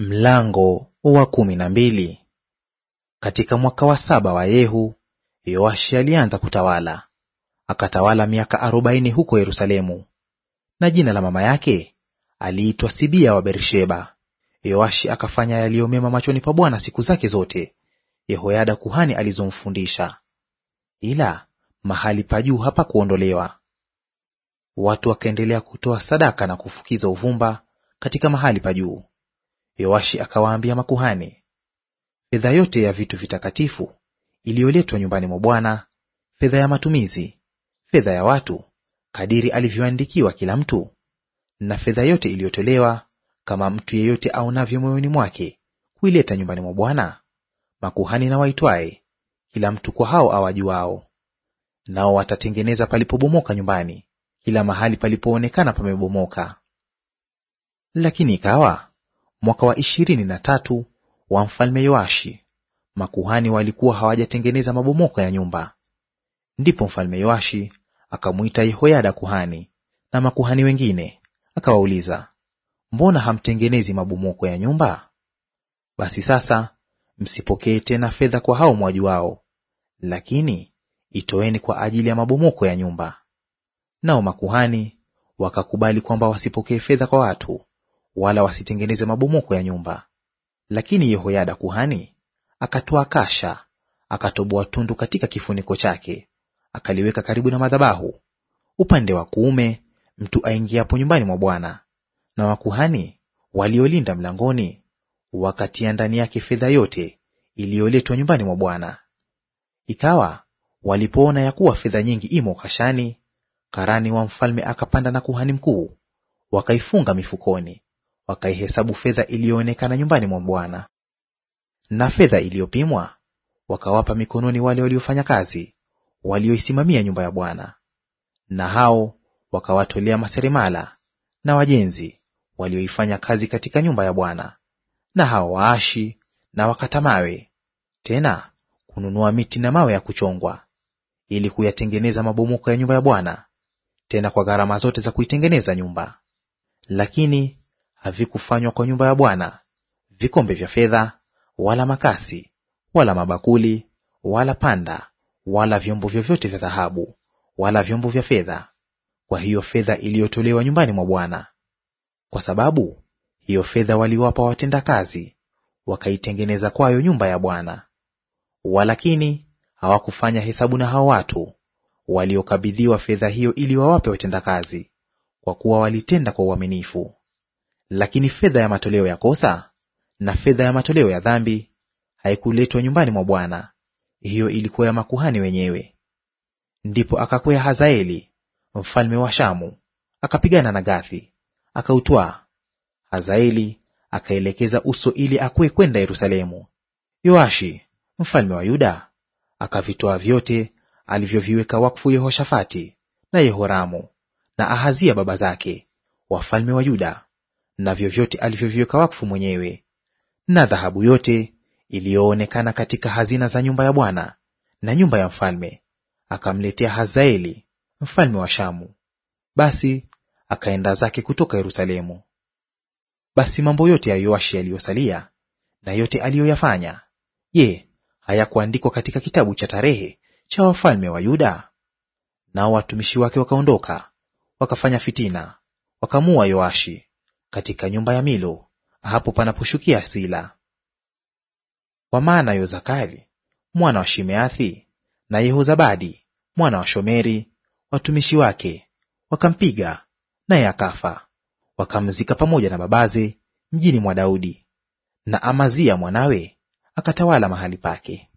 Mlango wa kumi na mbili. Katika mwaka wa saba wa Yehu, Yoashi alianza kutawala, akatawala miaka arobaini huko Yerusalemu. Na jina la mama yake aliitwa Sibia wa Bersheba. Yoashi akafanya yaliyo mema machoni pa Bwana siku zake zote, Yehoyada kuhani alizomfundisha, ila mahali pa juu hapakuondolewa. Watu wakaendelea kutoa sadaka na kufukiza uvumba katika mahali pa juu. Yoashi akawaambia makuhani, fedha yote ya vitu vitakatifu iliyoletwa nyumbani mwa Bwana, fedha ya matumizi, fedha ya watu kadiri alivyoandikiwa kila mtu, na fedha yote iliyotolewa kama mtu yeyote aonavyo moyoni mwake kuileta nyumbani mwa Bwana, makuhani na waitwaye, kila mtu kwa hao awajuao. Nao watatengeneza palipobomoka nyumbani, kila mahali palipoonekana pamebomoka. Lakini ikawa mwaka wa ishirini na tatu wa mfalme Yoashi, makuhani walikuwa hawajatengeneza mabomoko ya nyumba. Ndipo mfalme Yoashi akamwita Yehoyada kuhani na makuhani wengine, akawauliza, mbona hamtengenezi mabomoko ya nyumba? Basi sasa msipokee tena fedha kwa hao mwajuao, lakini itoeni kwa ajili ya mabomoko ya nyumba. Nao makuhani wakakubali kwamba wasipokee fedha kwa watu, wala wasitengeneze mabomoko ya nyumba. Lakini Yehoyada kuhani akatoa kasha, akatoboa tundu katika kifuniko chake, akaliweka karibu na madhabahu upande wa kuume mtu aingiapo nyumbani mwa Bwana. Na wakuhani waliolinda mlangoni wakatia ndani yake fedha yote iliyoletwa nyumbani mwa Bwana. Ikawa walipoona ya kuwa fedha nyingi imo kashani, karani wa mfalme akapanda na kuhani mkuu, wakaifunga mifukoni wakaihesabu fedha iliyoonekana nyumbani mwa Bwana. Na fedha iliyopimwa wakawapa mikononi wale waliofanya kazi walioisimamia nyumba ya Bwana, na hao wakawatolea maseremala na wajenzi walioifanya kazi katika nyumba ya Bwana, na hao waashi na wakata mawe, tena kununua miti na mawe ya kuchongwa, ili kuyatengeneza mabomoko ya nyumba ya Bwana, tena kwa gharama zote za kuitengeneza nyumba. Lakini havikufanywa kwa nyumba ya Bwana vikombe vya fedha, wala makasi, wala mabakuli, wala panda, wala vyombo vyovyote vya dhahabu, wala vyombo vya fedha, kwa hiyo fedha iliyotolewa nyumbani mwa Bwana. Kwa sababu hiyo fedha waliwapa watendakazi, wakaitengeneza kwayo nyumba ya Bwana. Walakini hawakufanya hesabu na hao watu waliokabidhiwa fedha hiyo ili wawape watendakazi, kwa kuwa walitenda kwa uaminifu. Lakini fedha ya matoleo ya kosa na fedha ya matoleo ya dhambi haikuletwa nyumbani mwa Bwana, hiyo ilikuwa ya makuhani wenyewe. Ndipo akakwea Hazaeli mfalme wa Shamu akapigana na Gathi akautwaa. Hazaeli akaelekeza uso ili akwe kwenda Yerusalemu. Yoashi mfalme wa Yuda akavitoa vyote alivyoviweka wakfu Yehoshafati na Yehoramu na Ahazia baba zake, wafalme wa Yuda, na vyovyote alivyoviweka wakfu mwenyewe, na dhahabu yote iliyoonekana katika hazina za nyumba ya Bwana na nyumba ya mfalme, akamletea Hazaeli mfalme wa Shamu. Basi akaenda zake kutoka Yerusalemu. Basi mambo yote ya Yoashi yaliyosalia na yote aliyoyafanya, je, hayakuandikwa katika kitabu cha tarehe cha wafalme wa Yuda? Nao watumishi wake wakaondoka wakafanya fitina, wakamua Yoashi katika nyumba ya Milo, hapo panaposhukia Sila. Kwa maana Yozakari mwana wa Shimeathi na Yehozabadi mwana wa Shomeri watumishi wake wakampiga, naye akafa, wakamzika pamoja na babaze mjini mwa Daudi. Na Amazia mwanawe akatawala mahali pake.